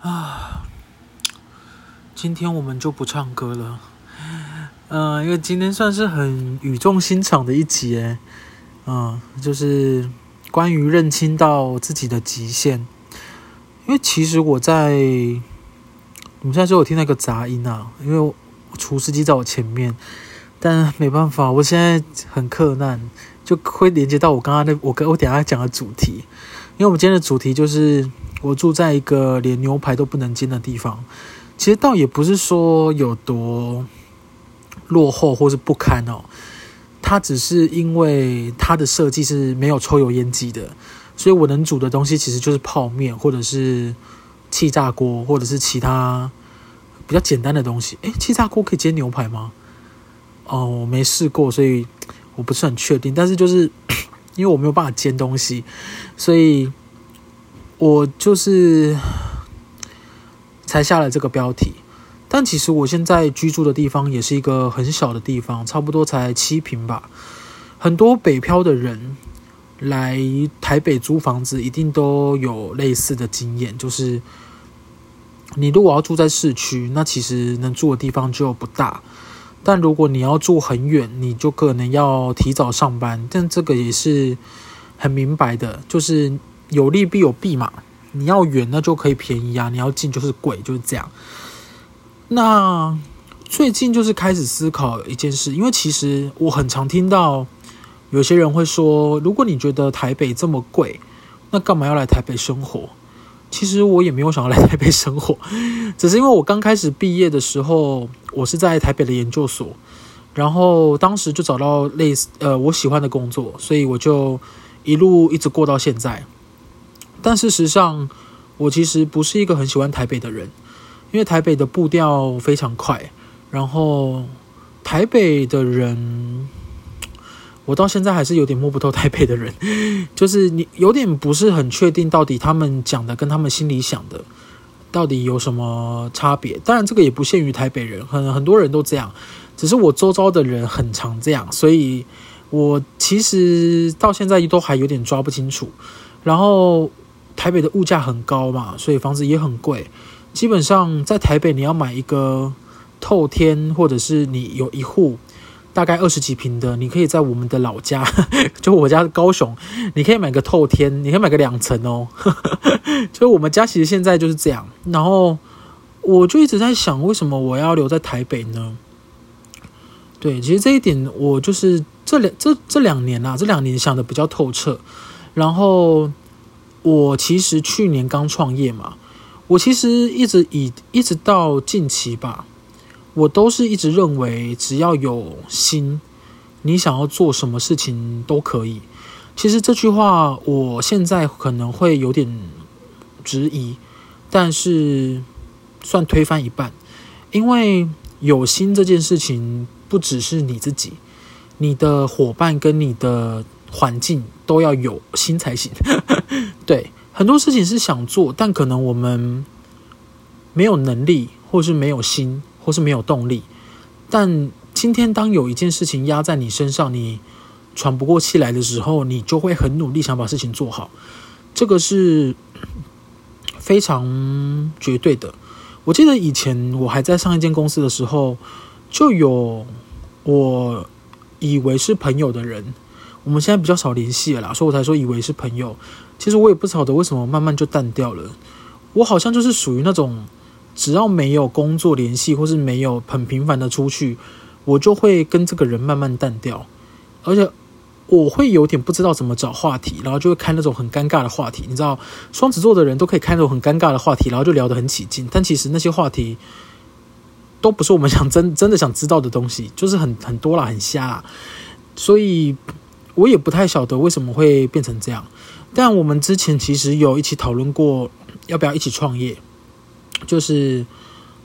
啊，今天我們就不唱歌了，嗯，因為今天算是很語重心長的一集誒，嗯，就是關於認清到自己的極限。因為其實我在，我們現在就有聽到一個雜音啊，因為我除濕機在我前面，但沒辦法，我現在很困難，就會連接到我剛剛那我跟我等下講的主題，因為我們今天的主題就是。我住在一個連牛排都不能煎的地方，其實倒也不是說有多落後或是不堪哦，它只是因為它的設計是沒有抽油煙機的，所以我能煮的東西其實就是泡麵或者是氣炸鍋或者是其他比較簡單的東西。誒，氣炸鍋可以煎牛排嗎？哦，我沒試過，所以我不是很確定。但是就是因為我沒有辦法煎東西，所以。我就是才下了這個標題，但其實我現在居住的地方也是一個很小的地方，差不多才七平吧。很多北漂的人來台北租房子，一定都有類似的經驗，就是你如果要住在市區，那其實能住的地方就不大；但如果你要住很遠，你就可能要提早上班，但這個也是很明白的，就是。有利必有弊嘛，你要遠那就可以便宜啊，你要近就是貴，就是這樣。那最近就是開始思考一件事，因為其實我很常聽到有些人會說，如果你覺得台北這麼貴，那幹嘛要來台北生活？其實我也沒有想要來台北生活，只是因為我剛開始畢業的時候，我是在台北的研究所，然後當時就找到類似呃我喜歡的工作，所以我就一路一直過到現在。但事實上，我其實不是一個很喜歡台北的人，因為台北的步調非常快，然後台北的人，我到現在還是有點摸不透台北的人，就是你有點不是很確定到底他們講的跟他們心裡想的到底有什麼差別。當然，這個也不限於台北人，很很多人都這樣，只是我周遭的人很常這樣，所以我其實到現在都還有點抓不清楚，然後。台北的物價很高嘛，所以房子也很貴。基本上在台北，你要買一個透天，或者是你有一戶，大概二十幾坪的，你可以在我們的老家， 就我家高雄，你可以買個透天，你可以買個兩層哦。就我們家其實現在就是這樣。然後我就一直在想，為什麼我要留在台北呢？對，其實這一點我就是這兩這這兩年啊，這兩年想得比較透徹。然後。我其實去年剛創業嘛，我其實一直以一直到近期吧，我都是一直認為只要有心，你想要做什麼事情都可以。其實這句話我現在可能會有點質疑，但是算推翻一半，因為有心這件事情不只是你自己，你的夥伴跟你的環境都要有心才行。對，很多事情是想做，但可能我們沒有能力，或是沒有心，或是沒有動力。但今天，當有一件事情壓在你身上，你喘不過氣來的時候，你就會很努力想把事情做好。這個是非常絕對的。我記得以前我還在上一間公司的時候，就有我以為是朋友的人，我們現在比較少聯繫了啦，所以我才說以為是朋友。其實我也不曉得為什麼慢慢就淡掉了。我好像就是屬於那種，只要沒有工作聯繫，或是沒有很頻繁的出去，我就會跟這個人慢慢淡掉。而且我會有點不知道怎麼找話題，然後就會開那種很尷尬的話題。你知道，雙子座的人都可以開那種很尷尬的話題，然後就聊得很起勁。但其實那些話題都不是我們想真真的想知道的東西，就是很很多啦，很瞎。所以我也不太曉得為什麼會變成這樣。但我們之前其實有一起討論過要不要一起創業，就是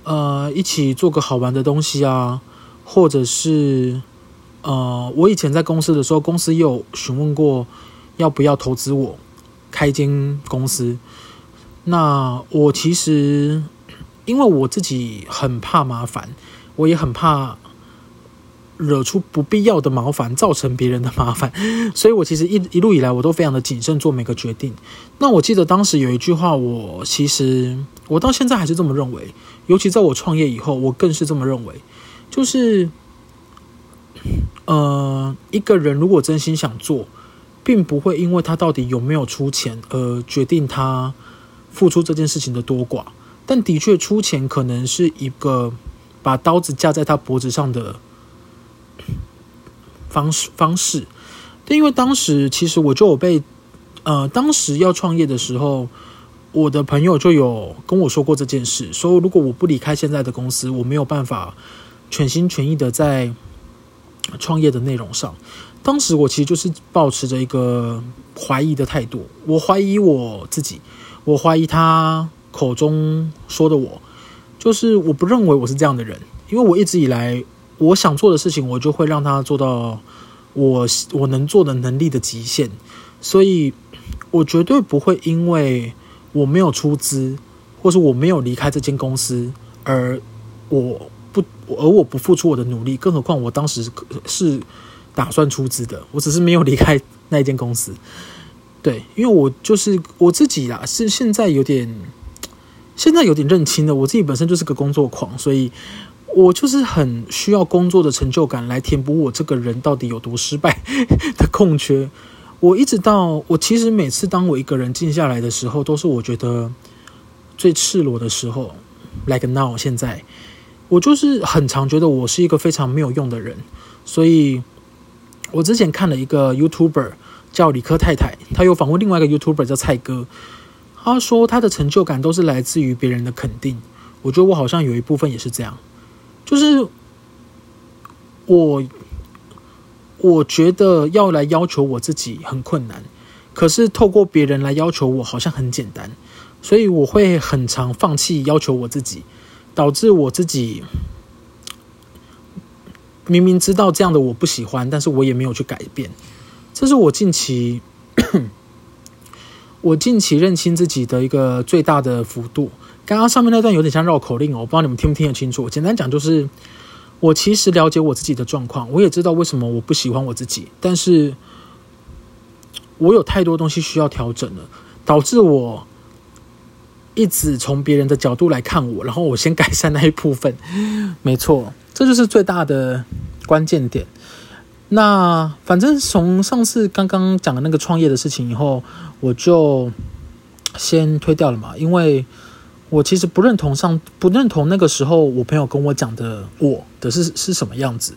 呃一起做個好玩的東西啊，或者是呃我以前在公司的時候，公司有詢問過要不要投資我開一間公司。那我其實因為我自己很怕麻煩，我也很怕。惹出不必要的麻煩，造成別人的麻煩，所以我其實一一路以來我都非常的謹慎做每個決定。那我記得當時有一句話，我其實我到現在還是這麼認為，尤其在我創業以後，我更是這麼認為，就是，呃，一個人如果真心想做，並不會因為他到底有沒有出錢而、呃、決定他付出這件事情的多寡，但的確出錢可能是一個把刀子架在他脖子上的。方式方式，但因為當時其實我就有被，呃，當時要創業的時候，我的朋友就有跟我說過這件事，說如果我不離開現在的公司，我沒有辦法全心全意的在創業的內容上。當時我其實就是抱持著一個懷疑的態度，我懷疑我自己，我懷疑他口中說的我，就是我不認為我是這樣的人，因為我一直以來。我想做的事情，我就會讓他做到我我能做的能力的極限，所以，我絕對不會因為我沒有出資，或是我沒有離開這間公司，而我不而我不付出我的努力。更何況我當時是打算出資的，我只是沒有離開那間公司。對，因為我就是我自己啦，是現在有點現在有點認清了，我自己本身就是個工作狂，所以。我就是很需要工作的成就感來填補我這個人到底有多失敗的空缺。我一直到我其實每次當我一個人靜下來的時候，都是我覺得最赤裸的時候，like now 現在，我就是很常覺得我是一個非常沒有用的人。所以我之前看了一個 YouTuber 叫理科太太，他又訪問另外一個 YouTuber 叫蔡哥，他說他的成就感都是來自於別人的肯定。我覺得我好像有一部分也是這樣。就是我，我覺得要來要求我自己很困難，可是透過別人來要求我好像很簡單，所以我會很常放棄要求我自己，導致我自己明明知道這樣的我不喜歡，但是我也沒有去改變，這是我近期 我近期認清自己的一個最大的幅度。剛剛上面那段有點像繞口令哦，我不知道你們聽不聽得清楚。我簡單講就是，我其實了解我自己的狀況，我也知道為什麼我不喜歡我自己，但是我有太多東西需要調整了，導致我一直從別人的角度來看我，然後我先改善那一部分，沒錯，這就是最大的關鍵點。那反正從上次剛剛講的那個創業的事情以後，我就先推掉了嘛，因為。我其實不認同上不認同那個時候我朋友跟我講的我的是是什麼樣子。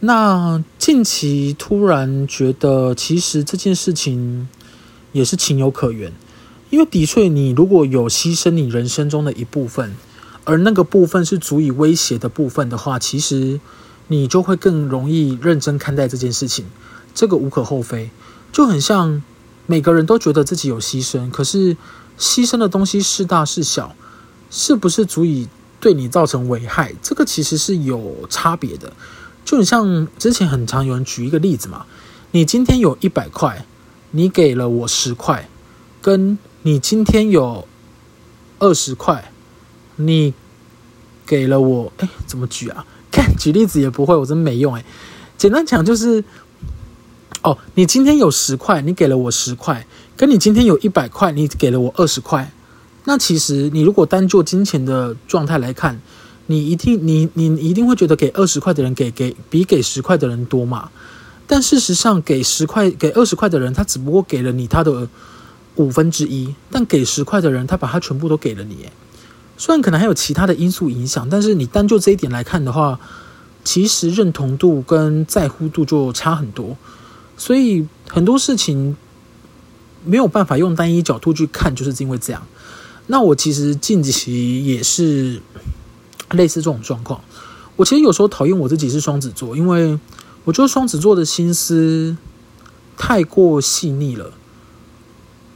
那近期突然覺得，其實這件事情也是情有可原，因為的確你如果有犧牲你人生中的一部分，而那個部分是足以威脅的部分的話，其實你就會更容易認真看待這件事情。這個無可厚非，就很像每個人都覺得自己有犧牲，可是。犧牲的東西是大是小，是不是足以對你造成危害？這個其實是有差別的。就你像之前很常有人舉一個例子嘛，你今天有一百塊，你給了我十塊，跟你今天有二十塊，你給了我，哎，怎麼舉啊？看舉例子也不會，我真沒用哎。簡單講就是，哦，你今天有十塊，你給了我十塊。跟你今天有一百塊，你給了我二十塊，那其實你如果單就金錢的狀態來看，你一定你你一定會覺得給二十塊的人給給比給十塊的人多嘛？但事實上給，給十塊給二十塊的人，他只不過給了你他的五分之一，5, 但給十塊的人，他把他全部都給了你。哎，雖然可能還有其他的因素影響，但是你單就這一點來看的話，其實認同度跟在乎度就差很多，所以很多事情。沒有辦法用單一角度去看，就是因為這樣。那我其實近期也是類似這種狀況。我其實有時候討厭我自己是雙子座，因為我覺得雙子座的心思太過細膩了。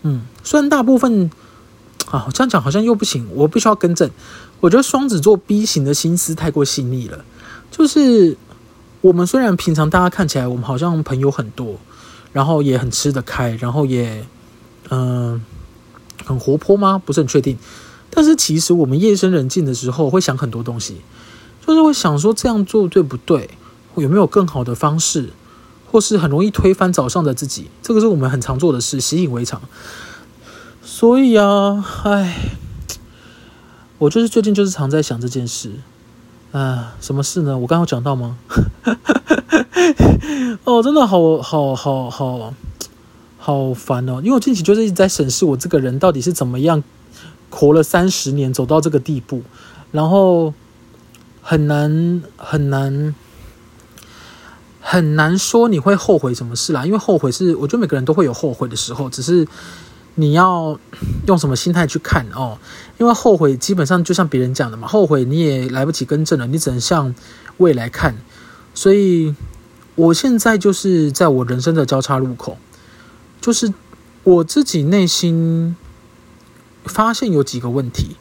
嗯，雖然大部分啊，這樣講好像又不行，我必須要更正。我覺得雙子座 B 型的心思太過細膩了。就是我們雖然平常大家看起來我們好像朋友很多，然後也很吃得開，然後也。嗯，很活潑嗎？不是很確定。但是其實我們夜深人靜的時候會想很多東西，就是會想說這樣做對不對，有沒有更好的方式，或是很容易推翻早上的自己。這個是我們很常做的事，習以為常。所以啊，唉，我就是最近就是常在想這件事啊，什麼事呢？我剛剛有講到嗎？ 哦，真的好好好好。好好好煩哦、喔！因為我近期就是一直在審視我這個人到底是怎麼樣活了三十年走到這個地步，然後很難很難很難說你會後悔什麼事啦。因為後悔是我覺得每個人都會有後悔的時候，只是你要用什麼心態去看哦、喔。因為後悔基本上就像別人講的嘛，後悔你也來不及更正了，你只能向未來看。所以我現在就是在我人生的交叉路口。就是我自己內心發現有幾個問題，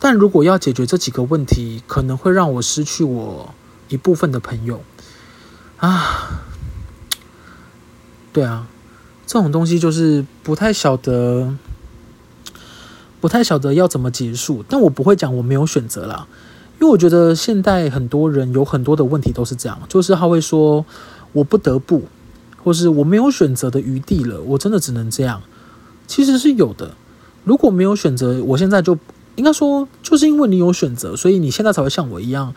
但如果要解決這幾個問題，可能會讓我失去我一部分的朋友啊。對啊，這種東西就是不太曉得，不太曉得要怎麼結束。但我不會講我沒有選擇啦，因為我覺得現代很多人有很多的問題都是這樣，就是他會說我不得不。或是我沒有選擇的餘地了，我真的只能這樣。其實是有的，如果沒有選擇，我現在就應該說，就是因為你有選擇，所以你現在才會像我一樣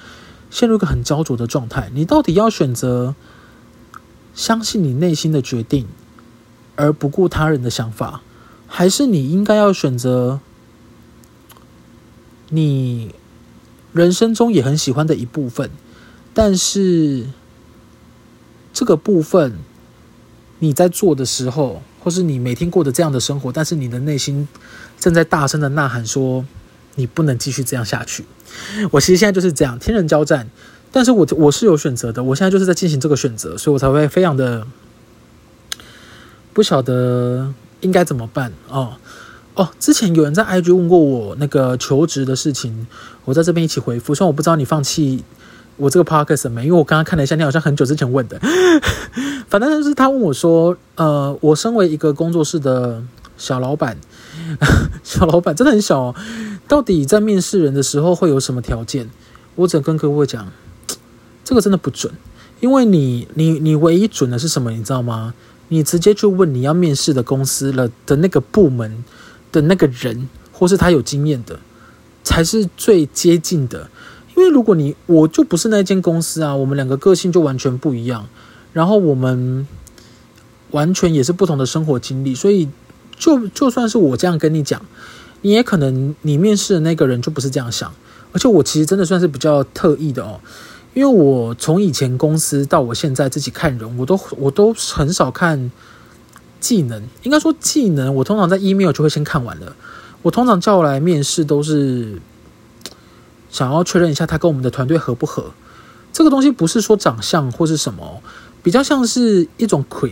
陷入一個很焦灼的狀態。你到底要選擇相信你內心的決定，而不顧他人的想法，還是你應該要選擇你人生中也很喜歡的一部分？但是這個部分。你在做的時候，或是你每天過的這樣的生活，但是你的內心正在大聲的吶喊說：“你不能繼續這樣下去。”我其實現在就是這樣，天人交戰，但是我我是有選擇的，我現在就是在進行這個選擇，所以我才會非常的不曉得應該怎麼辦。哦哦，之前有人在 IG 問過我那個求職的事情，我在這邊一起回復。雖然我不知道你放棄我這個 Podcast 什麼，因為我剛剛看了一下，你好像很久之前問的。 反正就是他問我說：“呃，我身為一個工作室的小老闆，小老闆真的很小哦，到底在面試人的時候會有什麼條件？”我只能跟各位講，這個真的不準，因為你、你、你唯一準的是什麼？你知道嗎？你直接去問你要面試的公司了的那個部門的那個人，或是他有經驗的，才是最接近的。因為如果你，我就不是那間公司啊，我們兩個個性就完全不一樣。然後我們完全也是不同的生活經歷，所以就就算是我這樣跟你講，你也可能你面試的那個人就不是這樣想。而且我其實真的算是比較特異的哦，因為我從以前公司到我現在自己看人，我都我都很少看技能，應該說技能，我通常在 email 就會先看完了。我通常叫我來面試都是想要確認一下他跟我們的團隊合不合，這個東西不是說長相或是什麼。比較像是一種傀，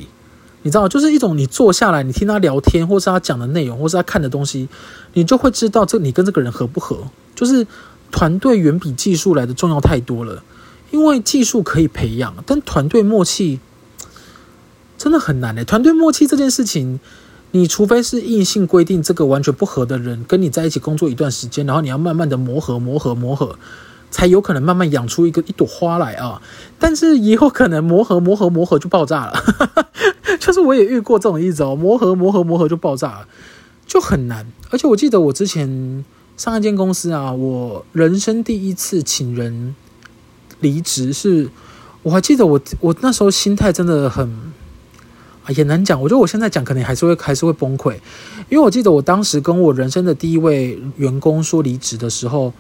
你知道，就是一種你坐下來，你聽他聊天，或是他講的內容，或是他看的東西，你就會知道這你跟這個人合不合。就是團隊遠比技術來的重要太多了，因為技術可以培養，但團隊默契真的很難欸，團隊默契這件事情，你除非是硬性規定，這個完全不合的人跟你在一起工作一段時間，然後你要慢慢的磨合，磨合，磨合。才有可能慢慢養出一個一朵花來啊，但是也有可能磨合磨合磨合就爆炸了， 就是我也遇過這種例子哦，磨合磨合磨合就爆炸了，就很難。而且我記得我之前上一間公司啊，我人生第一次請人離職是，是我還記得我我那時候心態真的很也難講，我覺得我現在講可能還是會還是會崩潰，因為我記得我當時跟我人生的第一位員工說離職的時候。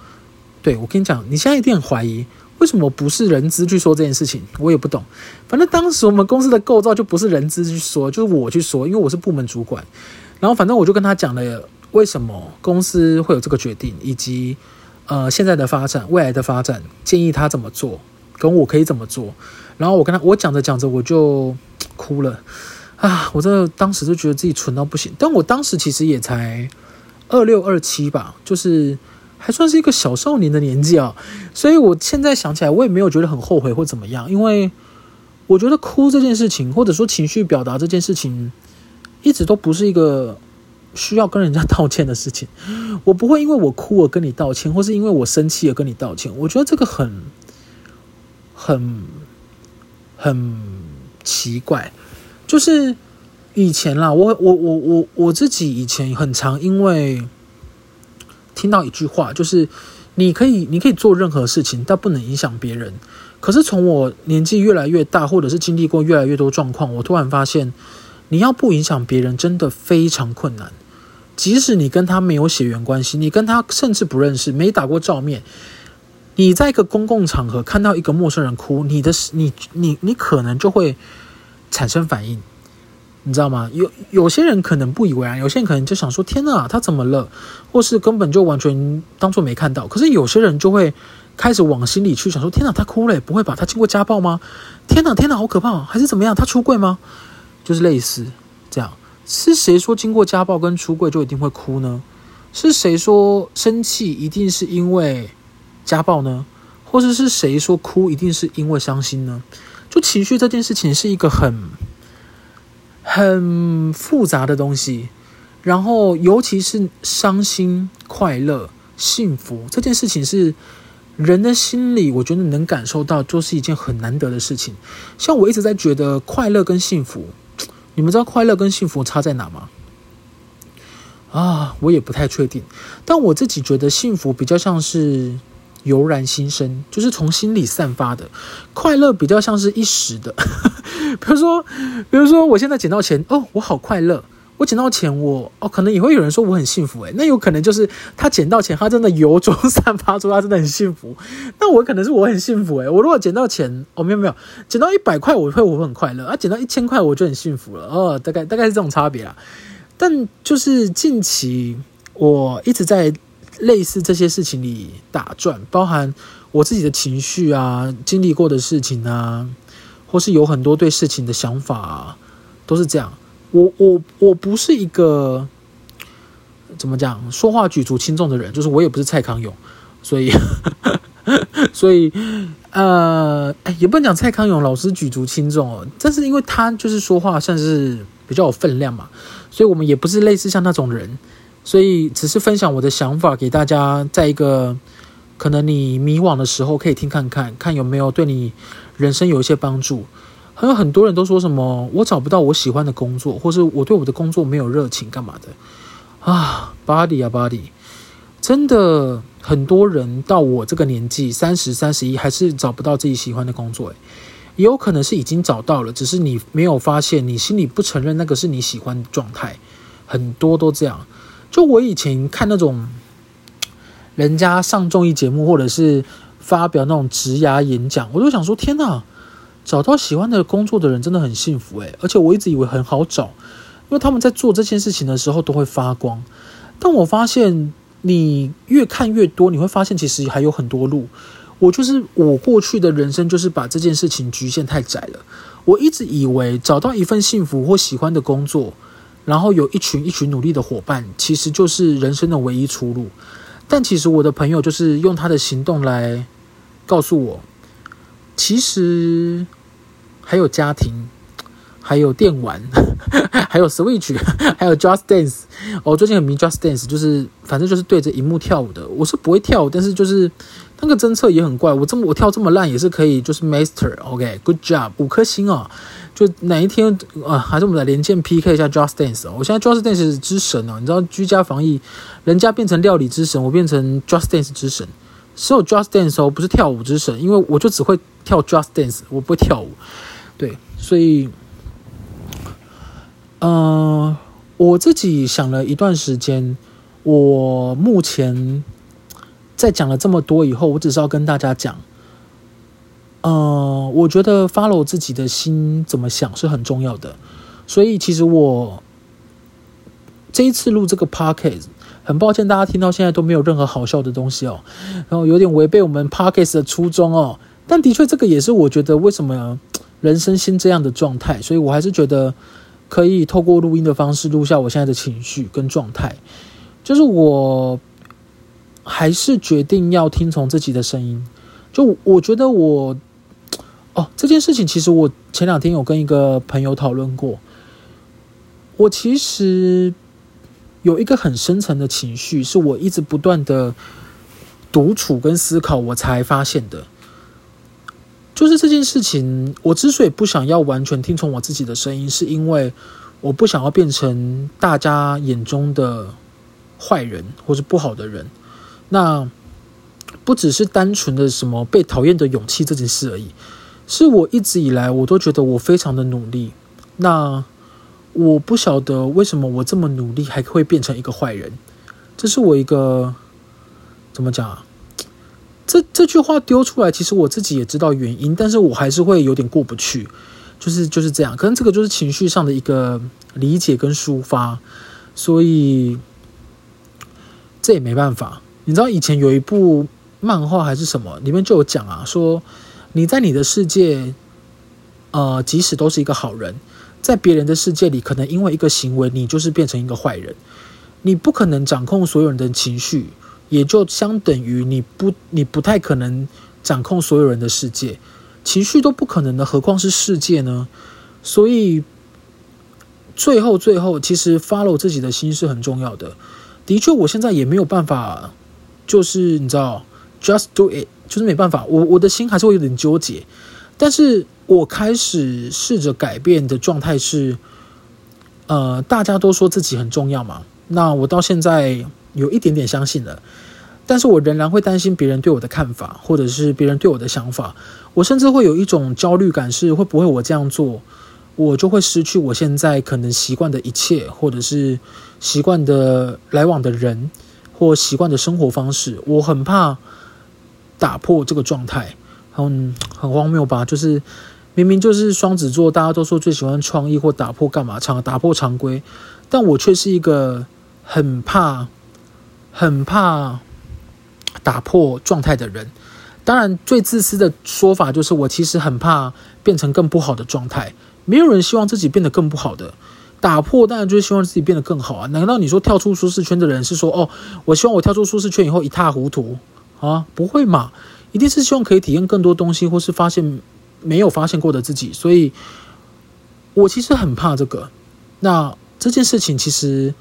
對，我跟你講，你現在一定很懷疑為什麼不是人資去說這件事情，我也不懂。反正當時我們公司的構造就不是人資去說，就是我去說，因為我是部門主管。然後反正我就跟他講了為什麼公司會有這個決定，以及呃現在的發展、未來的發展，建議他怎麼做，跟我可以怎麼做。然後我跟他我講着講着我就哭了啊！我真的當時就覺得自己蠢到不行，但我當時其實也才二六二七吧，就是。還算是一個小少年的年紀啊，所以我現在想起來，我也沒有覺得很後悔或怎麼樣，因為我覺得哭這件事情，或者說情緒表達這件事情，一直都不是一個需要跟人家道歉的事情。我不會因為我哭而跟你道歉，或是因為我生氣而跟你道歉。我覺得這個很很很奇怪，就是以前啦，我我我我我自己以前很常因為。聽到一句話，就是，你可以，你可以做任何事情，但不能影響別人。可是從我年紀越來越大，或者是經歷過越來越多狀況，我突然發現，你要不影響別人，真的非常困難。即使你跟他沒有血緣關係，你跟他甚至不認識，沒打過照面，你在一個公共場合看到一個陌生人哭，你的，你，你，你可能就會產生反應。你知道嗎？有有些人可能不以為然，有些人可能就想說：“天吶，他怎麼了？”或是根本就完全當作沒看到。可是有些人就會開始往心裡去想說：“天吶，他哭了，耶，不會吧？他經過家暴嗎？”“天吶，天吶，好可怕！”還是怎麼樣？他出櫃嗎？就是類似這樣。是誰說經過家暴跟出櫃就一定會哭呢？是誰說生氣一定是因為家暴呢？或是是誰說哭一定是因為傷心呢？就情緒這件事情是一個很。很複雜的東西，然後尤其是傷心、快樂、幸福這件事情，是人的心裡，我覺得能感受到，就是一件很難得的事情。像我一直在覺得快樂跟幸福，你們知道快樂跟幸福差在哪嗎？啊，我也不太確定，但我自己覺得幸福比較像是。油然心生，就是從心裡散發的快樂，比較像是一時的。 比如說，比如說，我現在撿到錢，哦，我好快樂，我撿到錢，我哦，可能也會有人說我很幸福、欸，誒。那有可能就是他撿到錢，他真的由衷散發出他真的很幸福。那我可能是我很幸福、欸，誒。我如果撿到錢，哦，沒有沒有，撿到一百塊，我會我會很快樂，啊，撿到一千塊，我就很幸福了，哦，大概大概是這種差別啊。但就是近期我一直在。類似這些事情裡打轉，包含我自己的情緒啊，經歷過的事情啊，或是有很多對事情的想法啊，都是這樣。我我我不是一個怎麼講，說話舉足輕重的人，就是我也不是蔡康永，所以 所以呃，也不能講蔡康永老師舉足輕重哦，但是因為他就是說話算是比較有分量嘛，所以我們也不是類似像那種人。所以只是分享我的想法給大家，在一個可能你迷惘的時候，可以聽看看，看有沒有對你人生有一些幫助。還有很多人都說什麼，我找不到我喜歡的工作，或是我對我的工作沒有熱情，幹嘛的啊？Body 啊，body，真的很多人到我這個年紀，三十、三十一，還是找不到自己喜歡的工作。也有可能是已經找到了，只是你沒有發現，你心裡不承認那個是你喜歡的狀態，很多都這樣。就我以前看那種，人家上綜藝節目或者是發表那種職涯演講，我就想說：天吶，找到喜歡的工作的人真的很幸福誒、欸，而且我一直以為很好找，因為他們在做這件事情的時候都會發光。但我發現，你越看越多，你會發現其實還有很多路。我就是我過去的人生，就是把這件事情局限太窄了。我一直以為找到一份幸福或喜歡的工作。然後有一群一群努力的夥伴，其實就是人生的唯一出路。但其實我的朋友就是用他的行動來告訴我，其實還有家庭，還有電玩，呵呵還有 Switch，還有 Just Dance。哦，最近很迷 Just Dance，就是反正就是對着熒幕跳舞的。我是不會跳舞，但是就是那個偵測也很怪。我這麼我跳這麼爛也是可以，就是 Master。OK，Good job，五顆星哦。就哪一天啊，呃，還是我們來連線 PK 一下 Just Dance 哦，我現在 Just Dance 之神哦，你知道居家防疫，人家變成料理之神，我變成 Just Dance 之神。所有 Just Dance 哦，不是跳舞之神，因為我就只會跳 Just Dance，我不會跳舞。對，所以，嗯，呃，我自己想了一段時間，我目前在講了這麼多以後，我只是要跟大家講。嗯，我覺得 follow 自己的心怎麼想是很重要的，所以其實我這一次錄這個 podcast，很抱歉大家聽到現在都沒有任何好笑的東西哦，然後有點違背我們 podcast 的初衷哦，但的確這個也是我覺得為什麼人生先這樣的狀態，所以我還是覺得可以透過錄音的方式錄下我現在的情緒跟狀態，就是我還是決定要聽從自己的聲音，就我覺得我。哦，這件事情其實我前兩天有跟一個朋友討論過。我其實有一個很深層的情緒，是我一直不斷的獨處跟思考，我才發現的。就是這件事情，我之所以不想要完全聽從我自己的聲音，是因為我不想要變成大家眼中的壞人或是不好的人。那不只是單純的什麼被討厭的勇氣這件事而已。是我一直以來我都覺得我非常的努力，那我不曉得為什麼我這麼努力還會變成一個壞人，這是我一個怎麼講啊？這這句話丟出來，其實我自己也知道原因，但是我還是會有點過不去，就是就是這樣，可能這個就是情緒上的一個理解跟抒發，所以這也沒辦法。你知道以前有一部漫畫還是什麼，裡面就有講啊，說。你在你的世界，呃，即使都是一個好人，在別人的世界裡，可能因為一個行為，你就是變成一個壞人。你不可能掌控所有人的情緒，也就相等於你不，你不太可能掌控所有人的世界。情緒都不可能的，何況是世界呢？所以，最後最後，其實 follow 自己的心是很重要的。的確，我現在也沒有辦法，就是你知道，just do it。就是沒辦法，我我的心還是會有點糾結。但是我開始試着改變的狀態是，呃，大家都說自己很重要嘛，那我到現在有一點點相信了。但是我仍然會擔心別人對我的看法，或者是別人對我的想法。我甚至會有一種焦慮感，是會不會我這樣做，我就會失去我現在可能習慣的一切，或者是習慣的來往的人，或習慣的生活方式。我很怕。打破這個狀態，很、嗯、很荒謬吧？就是明明就是雙子座，大家都說最喜歡創意或打破幹嘛，常打破常規，但我卻是一個很怕很怕打破狀態的人。當然，最自私的說法就是我其實很怕變成更不好的狀態。沒有人希望自己變得更不好的，打破當然就是希望自己變得更好啊！難道你說跳出舒適圈的人是說哦，我希望我跳出舒適圈以後一塌糊塗？啊，不會嘛？一定是希望可以體驗更多東西，或是發現沒有發現過的自己。所以，我其實很怕這個。那這件事情其實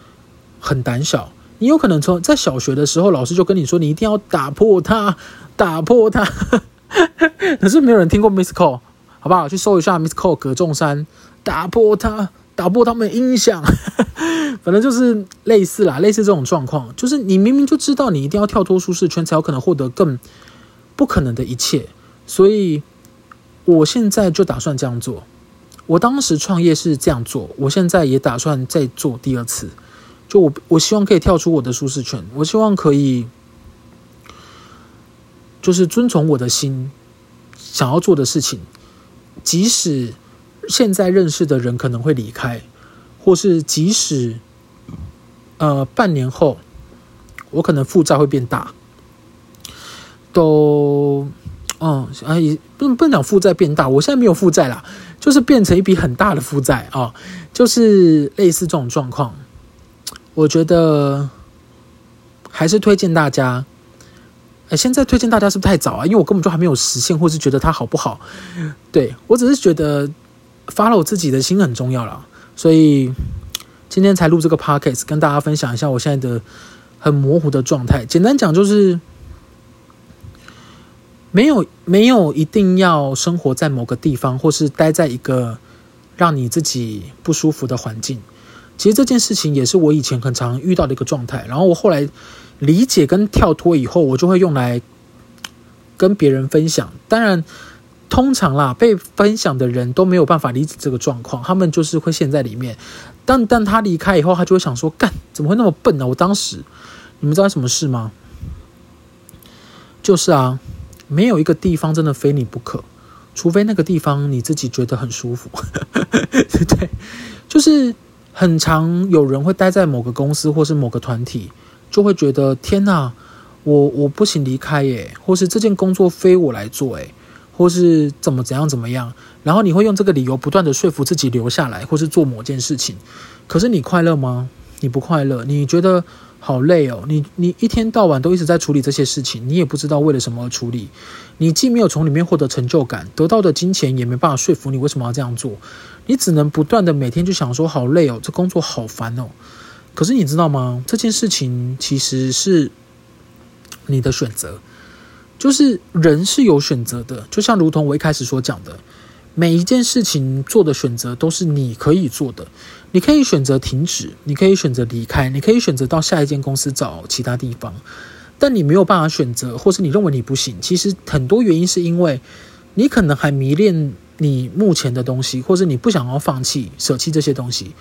很膽小。你有可能從，在小學的時候，老師就跟你說，你一定要打破它，打破它。 可是沒有人聽過 Miss Ko，好不好？去搜一下 Miss Ko 葛仲珊，打破它。打破他們的印象，反正就是類似啦，類似這種狀況，就是你明明就知道你一定要跳脫舒適圈，才有可能獲得更不可能的一切。所以，我現在就打算這樣做。我當時創業是這樣做，我現在也打算再做第二次。就我，我希望可以跳出我的舒適圈，我希望可以，就是遵從我的心想要做的事情，即使。現在認識的人可能會離開，或是即使，呃，半年後，我可能負債會變大，都，嗯、哦，啊、哎，也不能不能講負債變大，我現在沒有負債啦，就是變成一筆很大的負債啊、哦，就是類似這種狀況，我覺得還是推薦大家，哎，現在推薦大家是不是太早啊？因為我根本就還沒有實現，或是覺得它好不好？對，我只是覺得。Follow 我自己的心很重要啦，所以今天才錄這個 podcast 跟大家分享一下我現在的很模糊的狀態。簡單講就是，沒有沒有一定要生活在某個地方，或是待在一個讓你自己不舒服的環境。其實這件事情也是我以前很常遇到的一個狀態。然後我後來理解跟跳脫以後，我就會用來跟別人分享。當然。通常啦，被分享的人都沒有辦法理解這個狀況，他們就是會陷在裡面。但當他離開以後，他就會想說：“幹，怎麼會那麼笨呢、啊？我當時，你們知道什麼事嗎？就是啊，沒有一個地方真的非你不可，除非那個地方你自己覺得很舒服， 對，就是很常有人會待在某個公司或是某個團體，就會覺得天哪，我我不行離開耶，或是這件工作非我來做耶。”或是怎麼怎樣怎麼樣，然後你會用這個理由不斷的說服自己留下來，或是做某件事情。可是你快樂嗎？你不快樂，你覺得好累哦。你你一天到晚都一直在處理這些事情，你也不知道為了什麼而處理。你既沒有從裡面獲得成就感，得到的金錢也沒辦法說服你為什麼要這樣做。你只能不斷的每天就想說，好累哦，這工作好煩哦。可是你知道嗎？這件事情其實是你的選擇。就是人是有選擇的，就像如同我一開始所講的，每一件事情做的選擇都是你可以做的。你可以選擇停止，你可以選擇離開，你可以選擇到下一間公司，找其他地方，但你沒有辦法選擇，或是你認為你不行。其實很多原因是因為你可能還迷戀你目前的東西，或是你不想要放棄捨棄這些東西，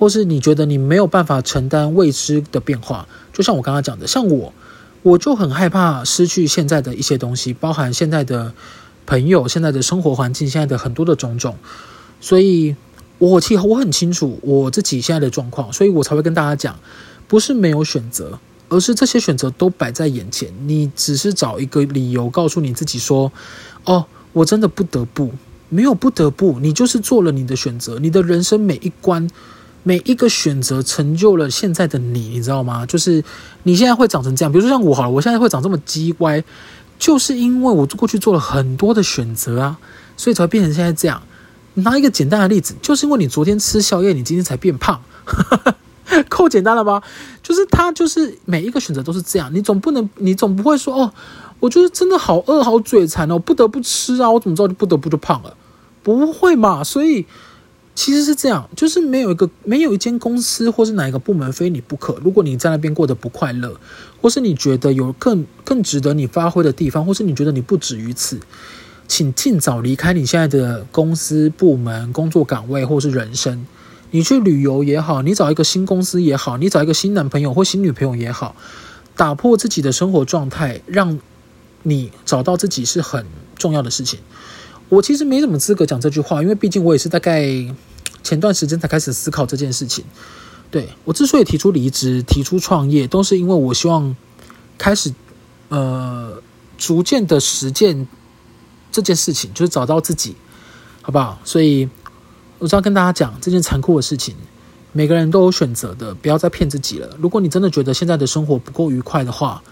或是你覺得你沒有辦法承擔未知的變化。就像我剛剛講的，像我。我就很害怕失去現在的一些東西，包含現在的朋友、現在的生活環境、現在的很多的種種，所以，我其實我很清楚我自己現在的狀況，所以我才會跟大家講，不是沒有選擇，而是這些選擇都擺在眼前，你只是找一個理由告訴你自己說，哦，我真的不得不。沒有不得不，你就是做了你的選擇，你的人生每一關。每一個選擇成就了現在的你，你知道嗎？就是你現在會長成這樣，比如說像我，好了，我現在會長這麼機歪，就是因為我過去做了很多的選擇啊，所以才會變成現在這樣。拿一個簡單的例子，就是因為你昨天吃宵夜，你今天才變胖，夠 簡單了吧？就是他，就是每一個選擇都是這樣，你總不能，你總不會說哦，我覺得真的好餓，好嘴饞哦，不得不吃啊，我怎麼知道就不得不就胖了？不會嘛，所以。其實是這樣，就是沒有一個沒有一間公司或是哪一個部門非你不可。如果你在那邊過得不快樂，或是你覺得有更更值得你發揮的地方，或是你覺得你不止於此，請盡早離開你現在的公司、部門、工作崗位或是人生。你去旅遊也好，你找一個新公司也好，你找一個新男朋友或新女朋友也好，打破自己的生活狀態，讓你找到自己是很重要的事情。我其實沒什麼資格講這句話，因為畢竟我也是大概前段時間才開始思考這件事情。對，我之所以提出離職、提出創業，都是因為我希望開始呃逐漸的實踐這件事情，就是找到自己，好不好？所以我這樣跟大家講這件殘酷的事情，每個人都有選擇的，不要再騙自己了。如果你真的覺得現在的生活不夠愉快的話，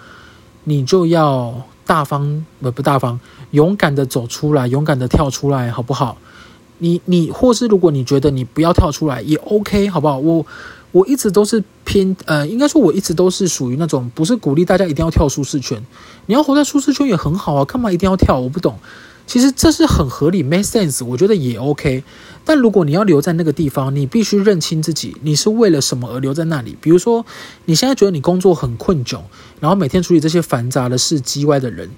你就要。大方不，不大方，勇敢的走出來，勇敢的跳出來，好不好？你你，或是如果你覺得你不要跳出來也 OK，好不好？我我一直都是偏呃，應該說我一直都是屬於那種不是鼓勵大家一定要跳舒適圈，你要活在舒適圈也很好啊，幹嘛一定要跳？我不懂。其實這是很合理，make sense，我覺得也 OK。但如果你要留在那個地方，你必須認清自己，你是為了什麼而留在那裡？比如說，你現在覺得你工作很困窘，然後每天處理這些繁雜的事、嘰歪的人。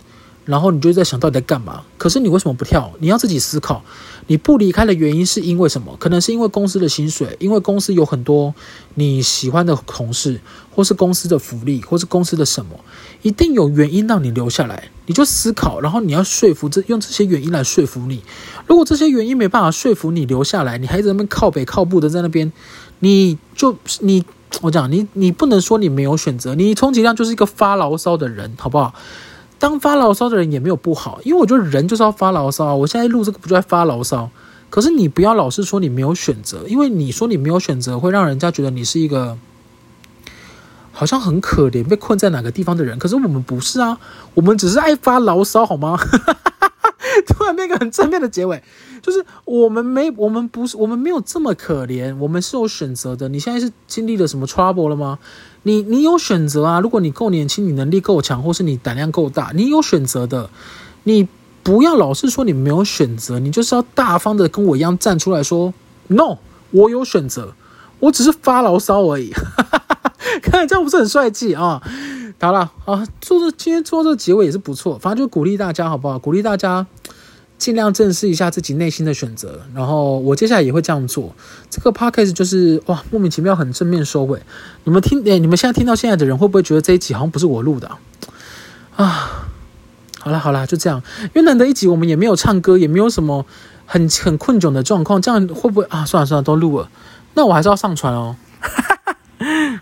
然後你就在想，到底在幹嘛？可是你為什麼不跳？你要自己思考，你不離開的原因是因為什麼？可能是因為公司的薪水，因為公司有很多你喜歡的同事，或是公司的福利，或是公司的什麼，一定有原因讓你留下來。你就思考，然後你要說服這用這些原因來說服你。如果這些原因沒辦法說服你留下來，你還在那邊靠北靠步的在那邊，你就你我講你，你不能說你沒有選擇，你充其量就是一個發牢騷的人，好不好？當發牢騷的人也沒有不好，因為我覺得人就是要發牢騷。我現在錄這個不就在發牢騷？可是你不要老是說你沒有選擇，因為你說你沒有選擇會讓人家覺得你是一個好像很可憐、被困在哪個地方的人。可是我們不是啊，我們只是愛發牢騷，好嗎？ 突然變個很正面的結尾，就是我們沒，我們不是，我們沒有這麼可憐，我們是有選擇的。你現在是經歷了什麼 trouble 了嗎？你你有選擇啊！如果你夠年輕，你能力夠強，或是你膽量夠大，你有選擇的。你不要老是說你沒有選擇，你就是要大方的跟我一樣站出來說，No，我有選擇，我只是發牢騷而已。 看來這樣不是很帥氣啊？好了，好，做這今天做這個結尾也是不錯，反正就鼓勵大家，好不好？鼓勵大家。盡量正視一下自己內心的選擇，然後我接下來也會這樣做。這個 Podcast 就是哇，莫名其妙很正面收尾，欸。你們聽，哎，欸，你們現在聽到現在的人會不會覺得這一集好像不是我錄的啊？啊好啦好啦，就這樣，因為難得一集，我們也沒有唱歌，也沒有什麼很很困窘的狀況，這樣會不會啊？算了算了，都錄了，那我還是要上傳哦。哈哈哈。